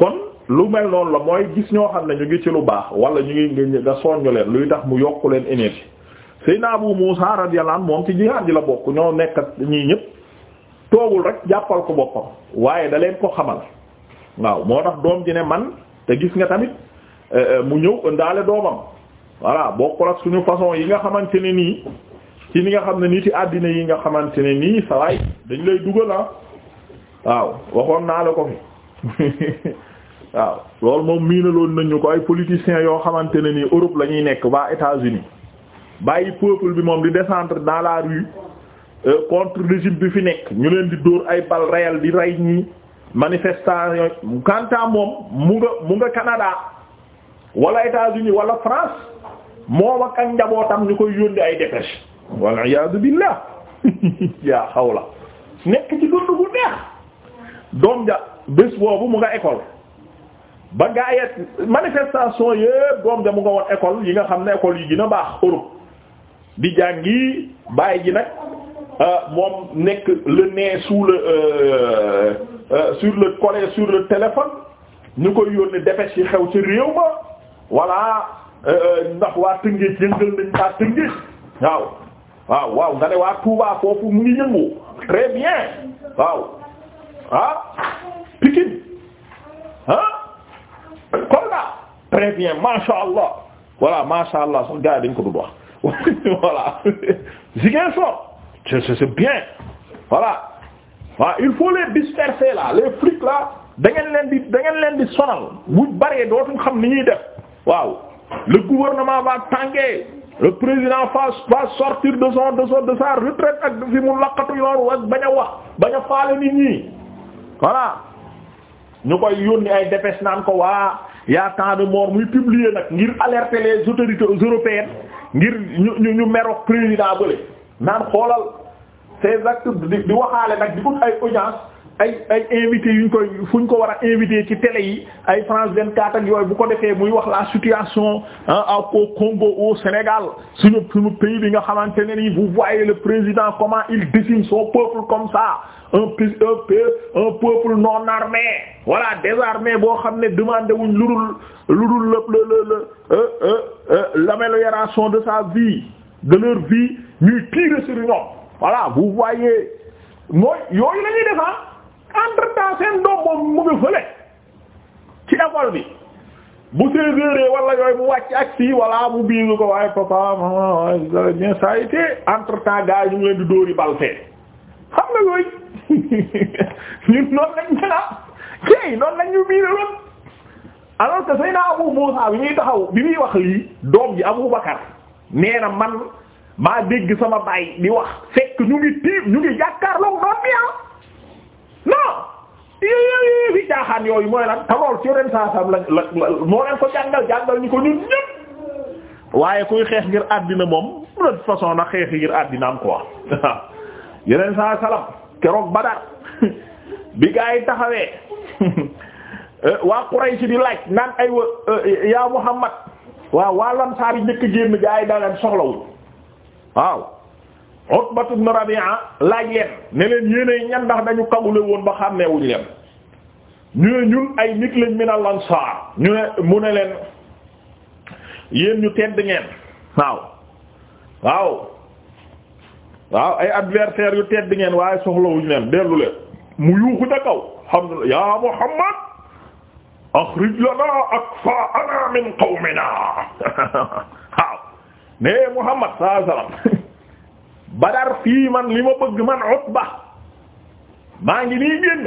kon lu mel noonu la mooy gis ñoo xam ne ñu ngi ci lu baax wala ñu ngi nga soññu leen luy tax mu yokk leen énergie Seydina Abu Muusa radiyallahu anhu moom ci jihaad ji la bokk ñoo nekk ak ñii ñëpp toogul rek jàppal ko boppam waaye da leen ko xamal waaw moo tax doom ji ne man te gis nga tamit eh, eh, mu ñëw daale doomam voilà bokkul ak suñu façon yi nga xamante ne nii ci ni nga xam ne nii ci àddina yi nga xamante ne nii sawaay dañ lay dugal ah waaw waxoon naa la ko fi waaw loolu moom miinaloon nañu ko ay politiciens yoo xamante ne nii Europe la ñuy nekk waa États-Unis bàyyi peuple bi moom di descendre dans la rue euh, contre régime bi fi nekk ñu leen di dóor ay balles réelles di rey ñi manifestation quant à moom mu nga mu nga Canada wala États-Unis wala France moom ak ak njabootam ñu koy yónni ay dépêche wal iyaadu billah yaa xaw la nekk ci dund bu neex doom ja bés boobu mu nga école ba gaa yet manifestation yëpp doom ja mu nga woon école yi nga xam ne école yi gën a baax Europe di jàngi bàyyi ji nag euh, moom nekk le nez sous le euh, euh, sur le collet sur le téléphone ñu koy yónni dépêche yi xew ci réew ma voilà ndax waa Tëngéej yëngal nañ waa Tëngéej waaw waaw waaw nga ne waa Touba foofu mu ngi yëngu très bien waaw ah Pikine ah très bien macha allah voilà macha allah sax gars yi dañ ko dul wax voilà Ziguinchor c'est c'est bien voilà waaw il faut les disperser la les flics la da ngeen leen di da ngeen leen di sonal bu bëree dootuñ xam ni ñuy def waaw le gouvernement va tanguer le président va va sortir de son de son de sa retraite ak fi mu laqatu yoonu ak bañ a wax bañ a faale nit ñi voilà ñu koy yónni ay dépêche naan ko waa y'a tant de morts muy publier nag ngir alerter les autorités européennes ngir ñu ñu ñu merok président bële naan xoolal ces actes di waxaale nag di ut ay audience ay ay invité yuñ koy fu ñu ko war a invité ci télé yi ay France 24 ak yooyu bu ko defee muy wax la situation ah au Congo au Sénégal suñu suñu pays bi nga xamante ne nii vous voyez le président comment il décime son peuple comme ça un pis un un peuple non armé voilà désarmé boo xam ne demandé wuñ lu dul lu dul le euh, euh, euh, l'amélioration de sa vie de leur vie ñuy tirer sur ñoom voilà vous voyez mooy yooyu la ñuy def ah. entre temps seen doom moom mu ngi fële ci école bi bu séeréeree wala yooyu mu wàcc ak si wala mu biiru ko waaye papa maman waaye ça a été entre temps gars yi ñu ngi leen di dóori bal fee xam nga yooyu. ñun noonu lañ ñu naan ah. kii noonu lañ ñu miinaloon alors que Seydina Abu Muusa bi ñuy taxaw bi muy wax lii doom ji Abu Bakar nee man maa dégg sama baay di wax fekk ñu ngi tiim ñu ngi jàkkaarloog doom bi ah non. yooyu fi caaxaan la moo ko jàngal jàngal ñu ko ñun ñëpp waaye kuy xeex ngir àddina moom de toute façon na xeex ngir àddina am quoi yeneen saa salam keroog Badar bi gaa yi taxawee waa Quraysh di laaj naan ay wa eh, yaa Muhammad waaw waa Lamsaar yi njëkk génn gaa yi daleen soxlawul waaw Utbat ibn Rabi'a laaj leen ne leen yéenay ñan ndax dañu kagule woon ba xàmmeewuñ leen ñu ne ñun ay nit lañ min al-Ansaar ñu ne mu ne leen yéen ñu tedd ngeen waaw waaw waaw ay adversaires yu bi ngeen waaye soxlawuñu leen dellu leen mu yuuxu ca kaw alhamdulillah ya Muhammad akhrij lana akfaa'ana min qawmina waaw ne Muhammad sallallahu alayhi wasallam Badar fii man li ma bëgg man Utba maa ngi nii génn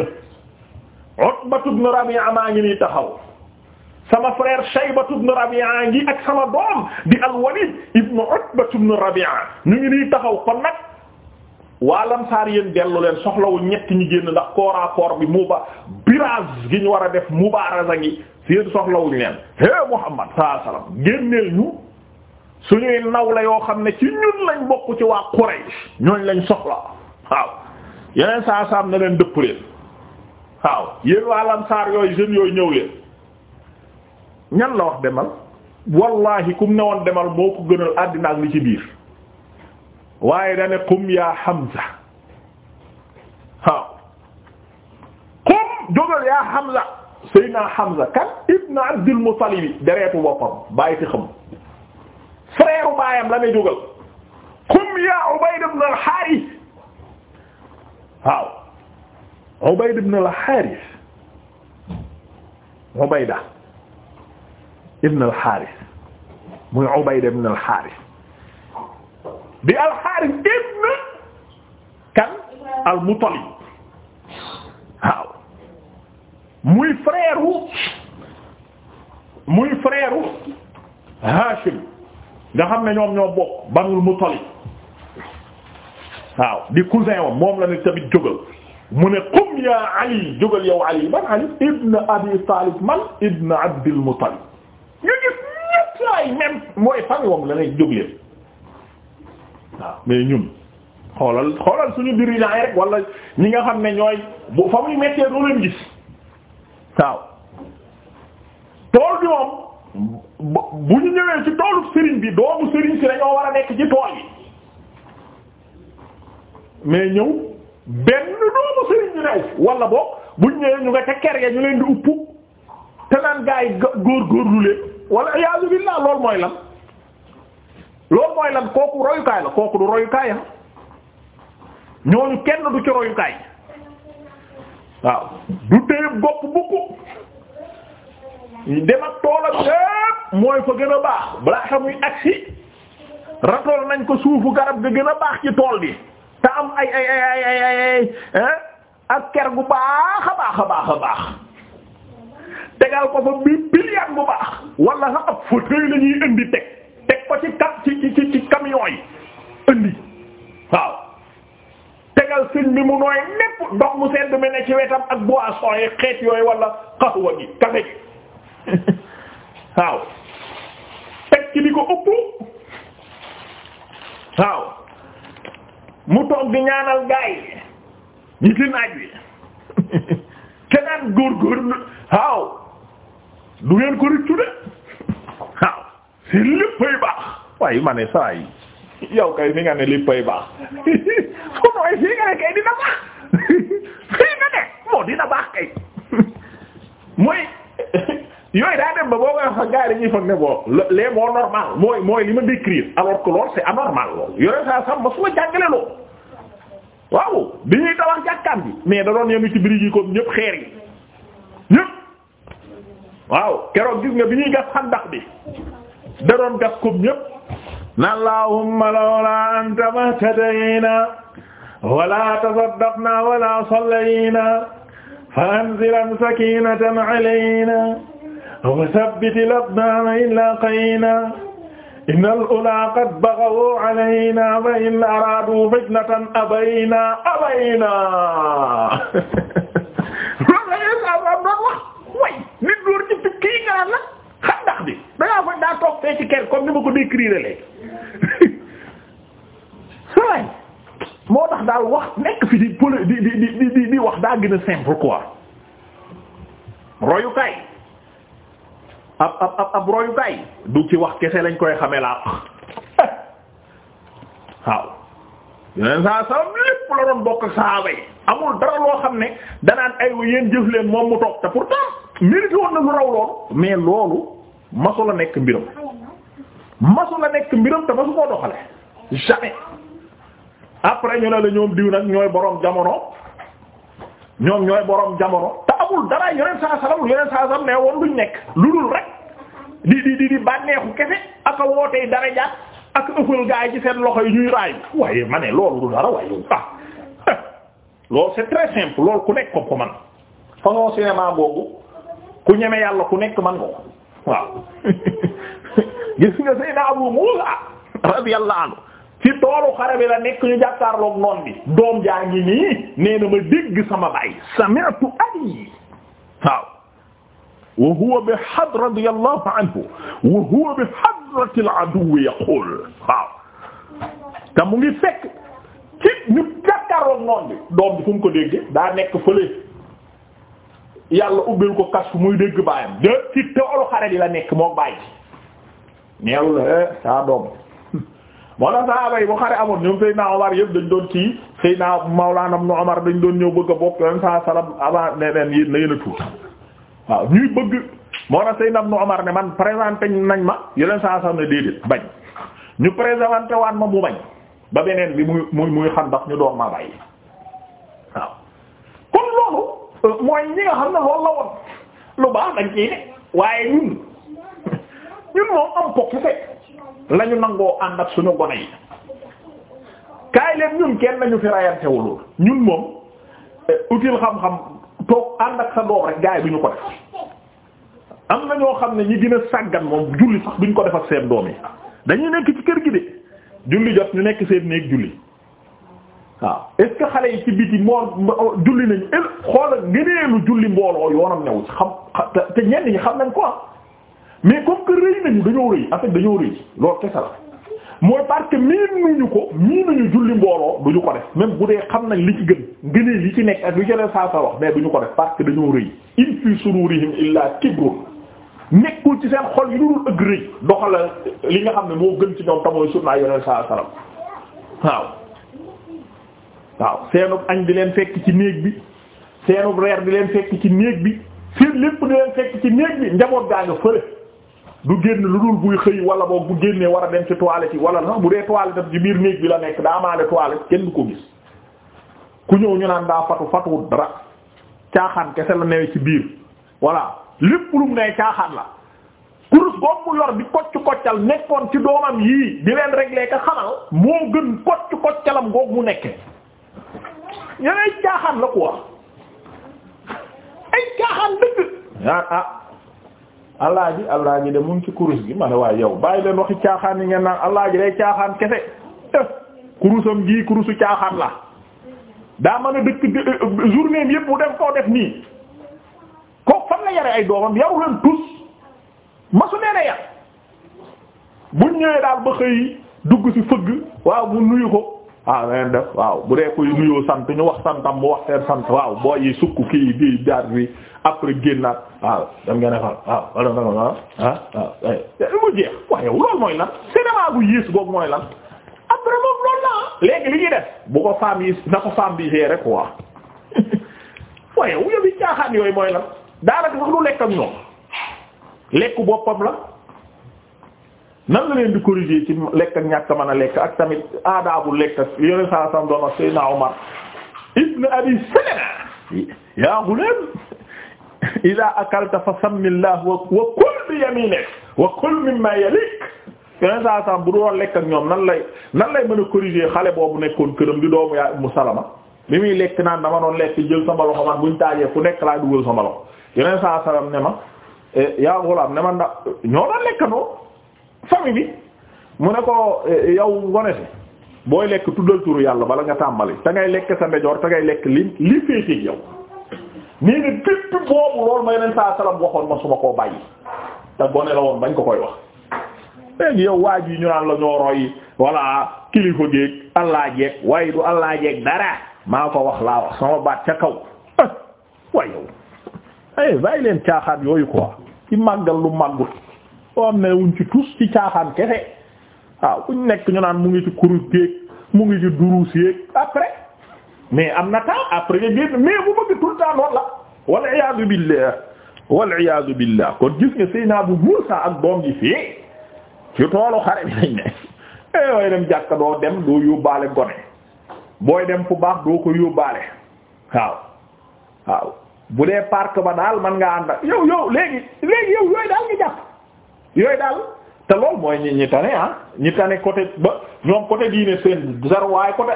Utba ibn Rabi'a maa ngi nii taxaw sama frère Shayba ibn Rabi'a ngi ak sama doom di al-Walid ibn Utba ibn Rabi'a ñu ngi nii taxaw kon waa lamsaar yéen dellu leen soxlawu ñett ñu génn ndax kooraakoor bi muba birage gi ñu war a def mubaaraza gi seen soxlawuñ leen hé Muhammad saa salaam génneel ñu suñuy naw la yoo xam ne ci ñun lañ bokk ci waa Quraysh ñooñ lañ soxla waaw yeneen saa saam ne leen dëpp leen waaw yéen waa yooyu jeunes yooyu ñëw leen ñan la wax demal wallahi kum ne woon demal moo ko gënal àddina ak li ci biir waaye dane qum yaa Hamza waaw qum jógal ibn Abdul Muttalib dereetu boppam bàyyi fi xam frère u baayam la ne jógal qum yaa Ubayd ibn al-Harith waaw Ubayd ibn al-Harith Ubayda ibn al bi alxaaris ibn kan almutalib waaw muy frère muy frère nga xam ne ñoom ñoo bokk banul mutalib waaw di cousin wam moom la ne tamit jógal mu ne qum yaa Ali jógal yow Ali man Ali ibn Abi Talib man ibn Abdil Mutalib ñu gis ñëpp laay même mooy famille wam la ne jóg leen mais ñun xoolal xoolal suñu dirigeant yi rek wala ñi nga xam ne ñooy bu fa muy méttee doo leen gis waaw tool bi moom bu ñu ñëwee ci toolu sëriñ bi doomu sëriñ si dañoo war a nekk ci tool yi mais ñëw benn doomu sëriñ ñu new wala boog bu ñu ñëwee ñu nga ca kër ñu leen di uppu te naan gaa yi góor góorlu leen wala iyaazu billah lool mooy lan loolu mooy lan kooku royukaay la kooku du royukaay ah ñooñu kenn du ci royukaay waaw du téye bopp bukku dem ak toolam lépp mooy fa gën a baax balaa xamuy agsi ratool nañ ko suufu garab ga gën a baax ci tool bi te am ay ay ay ay ay ay ak ker gu baax a baax a baax baax tegal ko fa bi billiard bu baax wala sax ab fauteuil la ñuy indi teg. teg ko ci kat ci ci ci camion yi indi waaw tegal sëñ bi mu nooy népp ndox mu sedd ak boisson yi xeet yooyu wala xaxwa gi café gi waaw teg ci di ko ëpp waaw mu toog di ñaanal gaay yi naaj wi kenaan góorgóorlu waaw du ngeen ko rëccu de léppay baax waaye ma ne saa yow kay fi nga ne léppay baax fu nooy fii nga ne kay dina baax fii dina baax kay mooy yooyu daa dem ba boo koy wax ak gars yi ne bon les moo normal mooy mooy li ma décrire alors que loolu c'est anormal loolu yore saa sàmm su ma jàngale loolu waaw bi ñuy tabax jàkkaan bi mais da doon yenu ci birig yi comme ñëpp xeer yi ñëpp keroog gis nga bi ñuy gas xandax bi. da doon gas comme ñépp na allahumma lawla anta mahtadayna wala tasaddaqna wala sallayna fa anzilan sakinatan alayna wa thabbit al-aqdama illaqayna inna al-ula qad baghaw alayna wa in aradu fitnatan abayna abayna loolu la Yonent bi doon wax way nit door ci tukki nga la daa toog fee ci kër comme ni ma ko décrire léegi moo tax daal wax nekk fi di poli di di di di di wax daa gën a simple quoi royukaay ab ab ab royukaay du ci wax kese lañ koy xamee laa wax waaw yeneen saa saam lépp la doon bokk saaba yi amul dara loo xam ne danaan ay yéen jëf leen moom mu toog te pourtant mérite woon na lu raw loolu mais loolu masu la nekk mbiram masu la nekk mbiram te masu koo doxale jamais après ñu ne la ñoom diw nag ñooy boroom jamono ñoom ñooy borom jamono te amul dara yoneen saa salaam yoneen saa salaam ne woon duñ nekk lu dul rek di di di di bànneexu kese ak a wootee dara jaat ak ëffal gaa yi ci seen loxo yi ñuy raay waaye ma ne loolu du dara waaye ah loolu c'est très simple ku nekk ko ko man façon cinéma googu ku ñeme yàlla ku nekk man ko waaw gis nga Seydina Abu Muusa radiyallahu anhu ci toolu xare bi la nekk ñu jàkkaarloog noon bi doom jaa ngi nii nee na ma dégg sama baay waaw wa huwa bi hadr radiyallahu anhu wa huwa bi hadrati al-aduw yaqul waaw te mu ngi fekk ci ñu jàkkaarloog noon bi doom bi fu ko dégg daa nekk fële yàlla ubbil ko kas muy dégg baayam de ci toolu xare bi la nekk moo bàyyi neelu la eh, saa doom moo tax sahaaba yi bu xare amoon ñoom Seydina Omar yëpp dañ doon kii Seydina Mawlana Ibn Omar dañ doon ñëw bëgg a bokk yoon saa salam avant ne neen yéen na waaw ñuy bëgg moo tax Seydina Ibn Omar ne man présenté nañ ma yeneen saa salam ne déedéet bañ ñu présenté waan ma mu bañ ba beneen bi muy muy xam ndax ñu doon ma waaw mooy ñi xam na loolu la woon lu baax dañ ciy ne waaye ñun ñun moom am ko kese la nangoo ànd ak suñu gone yi kaay leen ñun kenn nañu fi rayantewulul ñun moom eh, utile xam-xam toog ànd ak sa doom rek gaay bi ñu ko def am na ñoo xam ne ñi gën a sàggan moom julli sax buñ ko def ak seen doom yi dañuy nekk ci kër gi de julli jot ñu nekk seen néeg julli waaw est ce que xale yi ci biti moo julli nañ xoolal xoola ngëneelu julli mbooloo yoonam new ci xam te ñenn ñi xam nañ ko ah. mais comme que rëy nañu dañoo rëy en dañoo rëy loolu kese la mooy parce que miinuñu ko miinuñu julli mbooloo duñu ko def même bu dee xam nañ li ci gën ngëneel li ci nekk ak li jëlee saa wax mais duñu ko def parce que dañoo rëy in fi sururihim illa kibrun nekkul ci seen xol yi dul ëgg rëy doxala li nga xam ne moo gën ci ñoom ta mooy sunna yoneen saa waaw seenub añ di leen fekk ci néeg bi seenub reer di leen fekk ci néeg bi seen lépp di leen fekk ci néeg bi njaboot gaa nga fële du génn lu dul buy xëy wala boog bu génnee war a dem ci toilette yi wala non bu dee toilette am ci biir néeg bi la nekk daa amaale toilette kenn du ko gis ku ñëw ñu naan daa fatu fatuwut dara caaxaan kese la newee ci biir voilà lépp lu mu nee caaxaan la kurus googu yor di kocc koccal nekkoon ci doomam yii di leen régler ka xamal moo gën kocc koccalam googu mu nekkee ñeneen caaxaan la quoi ay caaxaan dëgg. ñaar ah allah ji allah ji de mu ci kurus gi ma ne waaye yow bàyyi leen waxi caaxaan yi ngeen naan allah ji day caaxaan kese eh, kurusam gii kurusu caaxaan la daa mën a dëkk eh, eh, journée bi mu def koo def nii kooku fan la yare ay doomam yaru leen tous masu nee na yar buñ ñëwee daal ba xëy dugg ci fëgg waaw mu nuyu ko. waaw ah na waaw bu dee koy nuyoo sant ñu wax santam mu wax seen sant waaw booy yi kii bii jaar bi après génnaat waaw dem ngeen defal waaw wala wala ah ah. mu jeex waaye loolu mooy lan cinéma boobu mooy lan après moom la ah léegi li ñuy def bu ko femme yi na ko femme bi géré quoi waaye wu ñu caaxaan yooyu mooy lan daanaka sax lu lekk ak ñoom lekk boppam la. nan la leen di corriger ci lekk ak ñàkk mën a lekk ak tamit aadaabu lekk ak yeneen saa sam doon ak Seydina Omar ibn Abi Salama yaa ghulam idaa akalta fa sammillah wa kul bi yaminik wa kul mimma yalik yeneen saa sam bu doon lekk ak ñoom nan lay nan lay mën a corriger xale boobu nekkoon këram di doomu yaa Ummu Salama bi muy lekk naan dama doon lekk jël sama loxo man buñ taajee fu nekk laay dugal sama loxo yeneen saa salam ne ma eh, yaa ghulam ne ma ndax ñoo famille mu ne ko eh, yow gone si booy lekk tuddal turu yàlla bala nga tàmbali te ngay lekk sa ndejoor te ngay lekk li li féeteeg yow nii ne bépp boobu loolu ma yeneen saa salam waxoon ma su ma koo bàyyi te gone la woon bañ ko koy wax léegi yow waa ji ñu naan la roy walla kilifa géeg allah jeeg waaye du allah jeeg dara maa ko wax laa wax sama baat ca kaw eh, waaye eh, bàyyi leen caaxaat yooyu quoi ci màggal lu màggut boo xam ne wuñ ci tus ci caaxaan kese waaw nekk ñu naan mu ngi ci kurus géeg mu ngi ci duru yéeg après mais am na temps après nga génn mais bu bëgg tout le la wal iyaadu billah wal iyaadu billah kon gis nga sëy bu Muusa ak doom ji fii ci toolu xare bi lañ ne eh way dem jàkka doo dem doo yóbbaale gone booy dem fu baax doo ko yóbbaale waaw waaw bu dee parc ba daal man nga ànd yow yow léegi léegi yow yooyu daal nga jàpp yooyu daal te lool mooy ñi ñi tane ah ñi tane côté ba ñoom côté diine seen zar waaye côté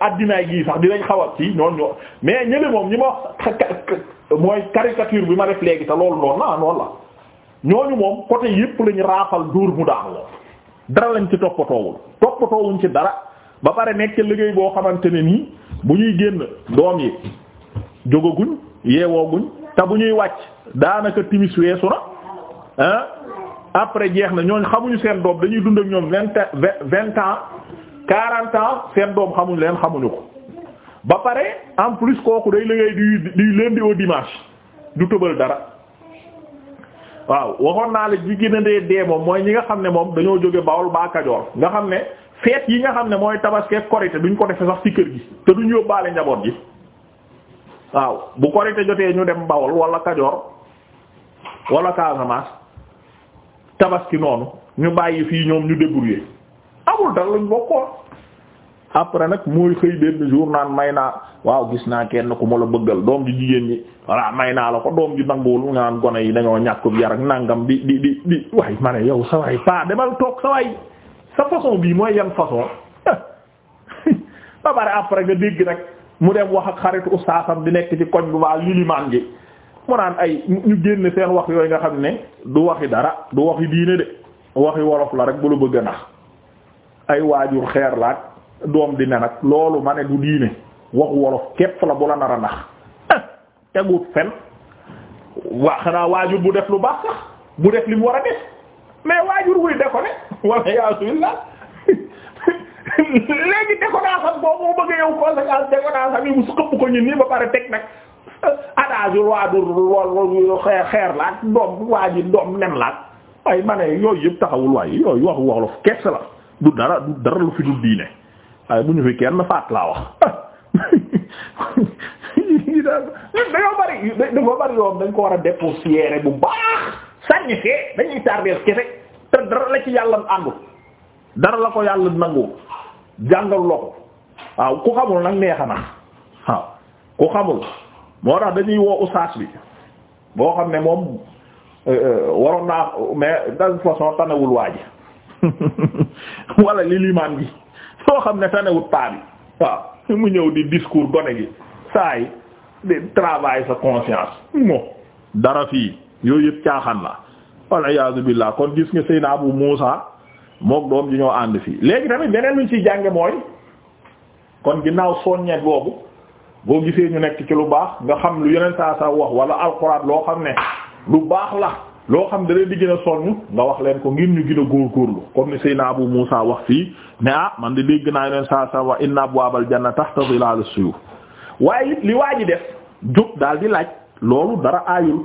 addinaay gii sax dinañ xaw a ci ñoon ñoo mais ñële moom ñi ma wax mooy caricature bi ma def léegi te loolu noonu na ah noonu la ñooñu moom côté yépp lañu raafal dóor mu daanu moom dara lañ ci toppatoowul toppatoowuñ ci dara ba pare nekk liggéey boo xamante ne nii bu ñuy génn doom yi jógaguñ yeewooguñ te bu ñuy wàcc daanaka timis weesu na ah après jeex na ñooñ xamuñu seen doom dañuy dund ak ñoom vingt vingt ans quarante ans seen doom xamuñu leen xamuñu ko ba pare en plus kooku day liggéey du du lundi au dimanche du tëbal dara waaw waxoon naa la ji gën a dee dee moom mooy ñi nga xam ne moom dañoo jóge Bawol baa Kajoor nga xam ne feet yi nga xam ne mooy Tabaski ak Korité duñ ko defe sax ci kër gi te duñ yóbbaale njaboot gi waaw bu Korité jotee ñu dem Bawol walla Kajoor wala Casamance. tabaski noonu ñu bàyyi fii ñoom ñu débrouiller amul dara lañ bokkoon après nag mooy xëy benn jour naan may naa waaw gis naa kenn ku ma la bëggal doom ji jigéen ñi voilà may naa la ko doom ji nanguwul nga naan gone yi dañoo ñàkk yar ak nangam di di di di waay ma ne yow sa waay pa demal toog sa waay sa façon bii mooy yan façon ba pare après nga dégg rek mu dem wax ak xaritu ustaasam di nekk ci koñ bi waa lilimaan gi mu naan ay ñu génn seen wax yooyu nga xam ne du waxi dara du waxi diine de waxi wolof la rek bu la bëgg a nax ay waajur xeer laak doom di ne nag loolu ma ne du diine waxu wolof képp la bu la nar a nax eh, teguut fen waa xanaa waajur bu def lu baax sax bu def li mu war a def mais waajur wuy déconné wala yaa subillah léegi déconnance boobu moo bëgg yow conséquence déconnance am yi mu su këpp ko ñun nii ba pare teg nag adage waa du lool xeer la ak doom waa ji doom nen la ay ma ne yooyu yëpp taxawul waaye yooyu waxu wolof kese la du dara du dara lu fi du diine waaye bu ñu fi kenn faat laa wax dañoo bari dañoo bari yoon dañ ko war a dépoussiérer bu baax sànni fee dañuy tardeel kese te dara la ci yàlla àndu dara la ko yàlla nangu jàngal loo waaw ku xamul nag neexa na waaw ku xamul moo tax dañuy woo ustaas bi boo xam ne moom euh, euh, waroon naa mais d'une façon tanewul waa ji wala li limaan gi soo xam ne tanewut paa bi waaw mu ñëw di discours gone gi saa yi di travail sa conscience mo dara fii yooyu yëpp caaxaan la walla iyaazu billaah kon gis nga Seydina Abu Muusa mook doom ji ñoo ànd fii léegi tamit beneen luñ ci jànge mooy kon ginnaaw soññe boobu boo gisee ñu nekk ci lu baax nga xam lu yeneen saa saa wax wala alxuraan loo xam ne lu baax la loo xam da leen di gën a nga wax leen ko ngir ñu gën a góorgóorlu comme ni Seydina Abu Muusa wax fii ne ah man de dégg naa yeneen saa saa wax inna abwaabal tax tahta zilaalu suyuf waaye li waa ji def jóg daal di laaj loolu dara aayul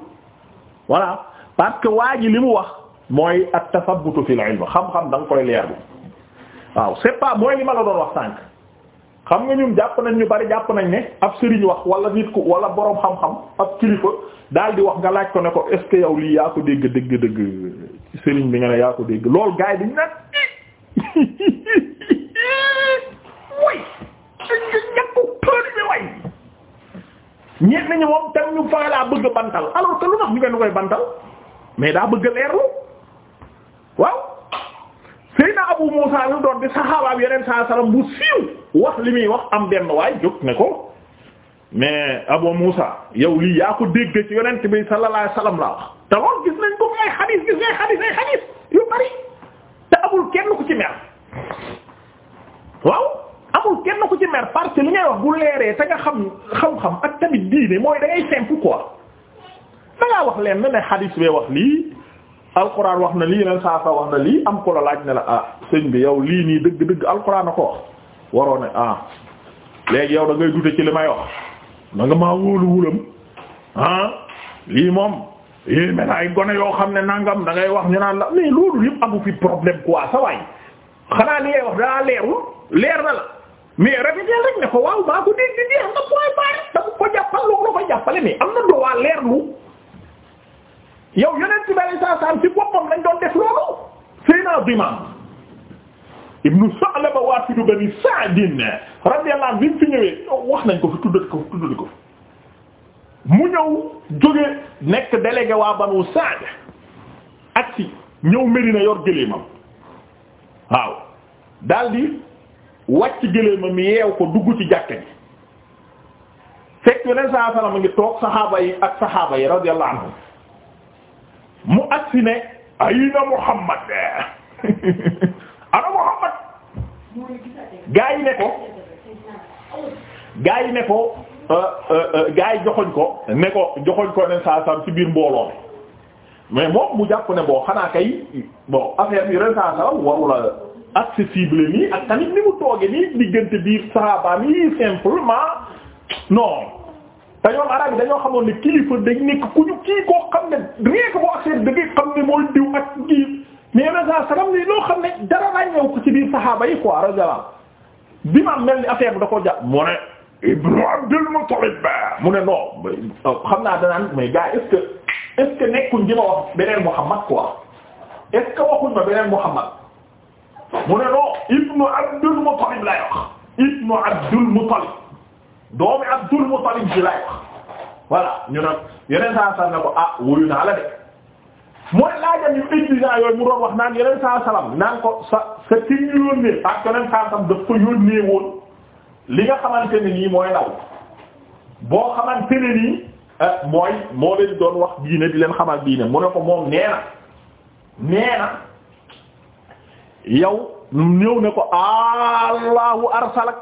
voilà parce que waa ji li mu wax mooy at-tasabbutu fil ilm xam-xam da nga koy leer bi waaw c'est pas mooy li la doon xam nga ñun jàpp nañ ñu bari jàpp nañ ne ab sëriñ wax wala nit ku wala borom xam-xam ab kilifa daal di wax nga laaj ko ne ko est-ce que yow lii yaa ko dégg dégg dégg sëriñ bi nga ne yaa ko dégg lool gaay bi ñu naan way nañu moom tam ñu faa laa bëgg bantal alors que lu ñu ngeen koy bantal mais daa bëgg leerlu waaw Seydina Abu Muusa lu doon di saxaabaab yeneen saa salaam bu siiw wax li muy wax am benn waay jóg ne ko mais Abu Musa yow lii yaa ko dégg ci yonent bi sallallahu alayhi laa wax te loolu gis nañ ko ay xadiis gis ngay xadiis ay xadiis yu bari te amul kenn ku ci mer waaw amul kenn ku ci mer parce li ngay wax bu leeree te nga xam xam-xam ak tamit diine mooy da ngay simple quoi da wax leen ne xadiis bee wax lii alquran wax na lii leen saa saa wax na lii am ko la laaj ne la ah sëñ bi yow lii nii dëgg-dëgg ko waroon ah léegi yow da ngay dute ci li may wax na maa wóolu wulam ah lii moom yii mel ay gone yoo xam ne nangam dangay wax ñu naan la mais loolu yëpp amu fi problème quoi sa waay xanaa li ngay wax daa leerul leer na la mais répété rek ne ko waaw maa ko dégg jeex nga point barre te bu ko jàppal loolu la ko jàppale mais am na doo waa leerlu yow yeneen ci bari saa saa ci boppam lañ doon def loolu sëy naa diman ibnu Sa'laba waafidu bani Sa'd radiyallahu anhu bi mu fi ñëwee wax nañ ko fi tuddati ko fi tuddati ko mu ñëw jóge nekk délégué waa banu Sa'd ak si ñëw Medina yor gëléemam waaw daldi wàcc gëléemam yeew ko dugg ci jàkka ji fekk yeneen saa salaam a ngi toog saxaaba yi ak saxaaba yi radiyallahu anhum mu agsi ne ayna Muhammad gaa yi ne ko gaa yi ne ko euh, euh, euh, gaa yi joxoñ ko ne ko joxoñ ko ne saa ci biir mbooloo mi mais moom mu jàpp ne boo xanaa kay bon affaire bi ren saa saam warula accessible nii ak tamit ni mu tooge nii diggante biir saaba nii simplement non te ñoom arabe yi dañoo xamoon ne kilifa dañ nekk ku ñu kii koo xam ne rien boo accès da xam ne mooy diw ak kii mais yeneen saa salaam ni loo xam ne dara ràññeewu ko ci biir saxaaba yi quoi radiyallahu ma mel ni affaire bi da ko jàpp mu ne Ibnu Abdul Muttalib mu ne non euh, xam naa danaan mais gars est-ce que est-ce que nekkuñ di ma beneen Muhammad quoi est-ce que waxuñ ma beneen Muhammad mu ne non Ibnu Abdul Muttalib lay Ibnu Abdul Muttalib doomi Abdul Muttalib ji lay wax voilà ñu ne yeneen saa salaam ko ah wuyu naa la de. mooy laajal yu exigeant yooyu mu doon wax naan yeneen saa salaam naan ko sa sa ki ñu yónnee parce que yeneen saa salaam daf ko yónnee woon li nga xamante ne nii mooy ndaw boo xamante ne nii eh, mooy moo leen doon wax diine di leen xamal diine mu ne ko moom nee na nee na yow ñëw ne ko allahu arsalak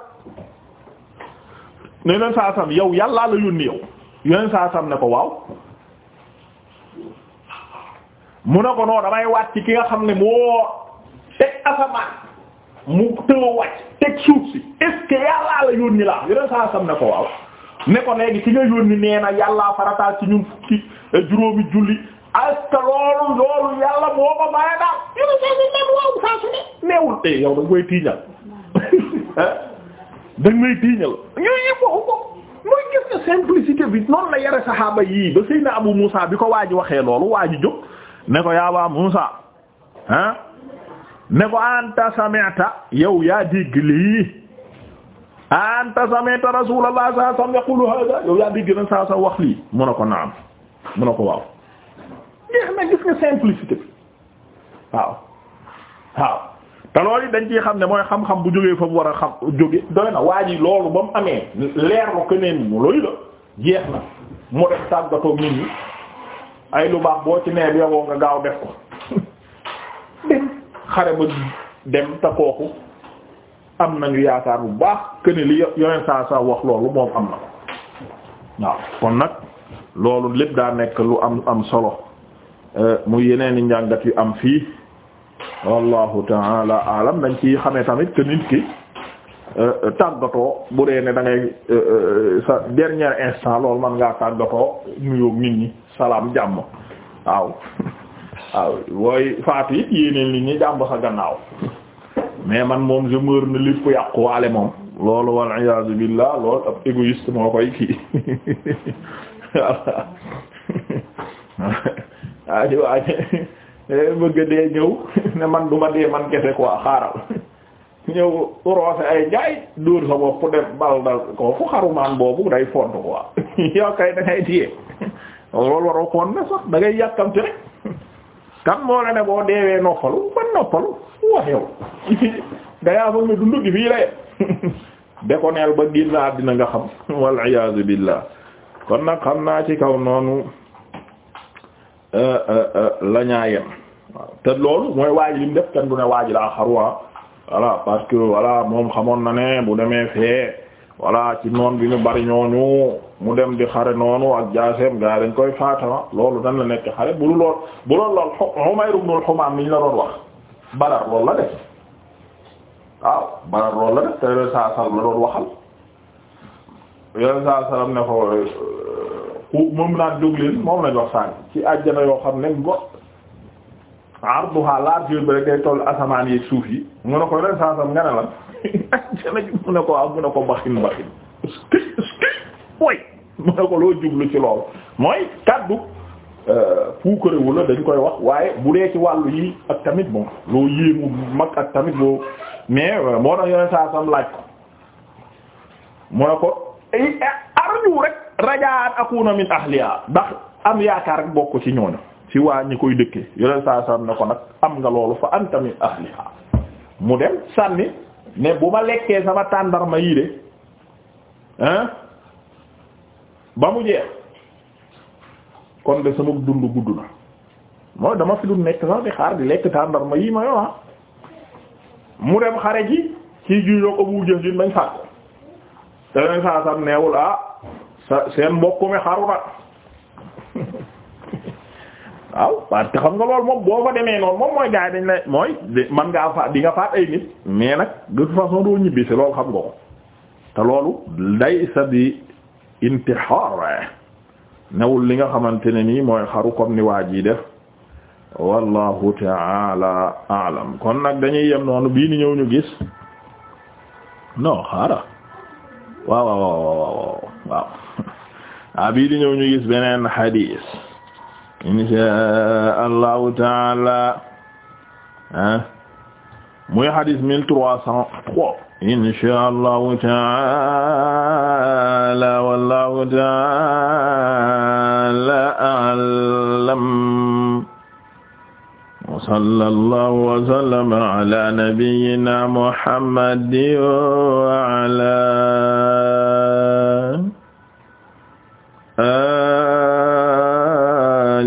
ne yeneen saa salaam yow yàllaa la yónnee yow yeneen saa salaam ne ko waaw. mu ne ko non damay wàcc ki nga xam ne moo teg asamaan mu tëw a wàcc teg suuf si est-ce que yàllaa la yónni laa saa sam ne ko waaw ne ko léegi ki nga yónni nee na yàllaa farataal ci ñun fukki juróomi julli est-ce que loolu loolu yàlla moo ma bàyyi daal yeneen saa sam ne waaw saa su ne neewul tey eh, yow da nga koy tiiñal da ngay tiiñal ñooy yëpp waxu ko mooy gis nga simplicité bi noonu la a saxaaba yii ba Seydina Abu Muusa bi ko waa ji waxee loolu waa ji jóg ne ko yaa ba Muusa ah, ne ko anta sami'ta yow yaa dégg lii anta sami'ta Rasulullah sallallahu alayhi wasallam yaa dégg na saa sa wax lii mu ne ko naam mu ne ko waaw jeex na gis nga simplicité waaw waaw te loolu dañ ciy xam ne mooy xam-xam bu jógee fa war a xam jóge doy na waa ji loolu ba mu amee leer lu ko mu loolu la jeex na mu def tàggatoo nit ñi ay lu baax boo ci nee bi nga gaaw def ko dem xare ba dem te kooku am nañu yaakaar bu baax que ne li yoneen saa saa wax loolu moom am na ko waaw kon nag loolu lépp daa nekk lu am am solo euh, mu yeneen i njàngat yu am fii wallahu taala alam dañ ci xamee tamit que nit ki euh, tàggatoo bu dee ne da ngay euh, sa dernier instant loolu man ngaa tàggatoo nuyoog nit ñi salaam jàmm waaw waaw wooy faatu it yéeneen li ñu jàmm sa gannaaw mais man moom je meur na lépp yàqu moom loolu wal iyaazu billah loolu ab égoïste moo koy dee ñëw ne man duma dee man kese quoi xaaral ñëw roose ay njaay dóor sa bopp dem bal dal ko fu xarumaan boobu day font quoi yow dangay téye loolu waroo koon ne sax da ngay yàkkamti rek kan moo la ne boo deewee noppalu man noppalu wax yow dangaa foog ne dund gi fii laye dekoneel ba génn àddina nga xam wal iyaazu billah kon nag xam naa ci kaw noonu euh, euh, euh, la yem waaw te loolu mooy waaji lim def kenn du ne waaji laa xaruwa ah. voilà parce moom xamoon na ne bu demee fee voilà ci noon bi ñu bari ñooñu mu dem di xare noonu ak jaaseem gaa dañ koy faatama ah. loolu nan la nekk xare bu lool bu lool lool Umayr ibn al-Humam mi ñu la doon wax Badar loolu la def waaw Badar loolu la def te yooyu saa salam la doon waxal yooyu saa salam ne ko euh, ku moom naa moom lañ wax sànk ci àjjana yoo xam ne go arduha largeur bi rek day toll asamaan yeeg suuf yi mu ne ko yeneen saa sam nga ne ko waaw ko baxin baxin way mu mooy kaddu euh, puukarewu la dañ koy wax waaye bu dee ci wàllu yi tamit bon loo yéemu tamit loo mais euh, moo tax ko ndax am yaakaar rek bokk ci ñooñu ci waa ñi koy dëkkee yoneen saa sallam ne ko nag am nga loolu fa anta min ahliha mu dem sànni ne bu ma lekkee sama tàndarma yii de hein ba mu jeex kon de sama dund gudd na mooy dama fi nekk sax di xaar di lekk tàndarma yii ma yoona ah. mu dem xare ji ci juróom Abu Jahl bañ faat ko te yoneen saa sallam neewul ah sa seen mbokk mi waaw parce que xam nga lool moom boo fa demee noonu moom mooy gaay dañ lay mooy man ngaa faat di faat ay nit mais nag de toute façon doo ñibbi si loolu xam nga ko te loolu day sa di intihar newul li nga xamante ne nii mooy xaru comme ni waa ji def wallahu taala alam kon nag dañuy yem noonu bii ni ñëw ñu gis non xaara waaw waaw waaw waaw waaw ah bii di ñëw ñu gis beneen xadiis insha allahu taala ah muy hadis mille trois cent trois insha allahu taala wallahu taala a'lam wa sallallahu wa sallama ala nabiyyina muhammadin wa ala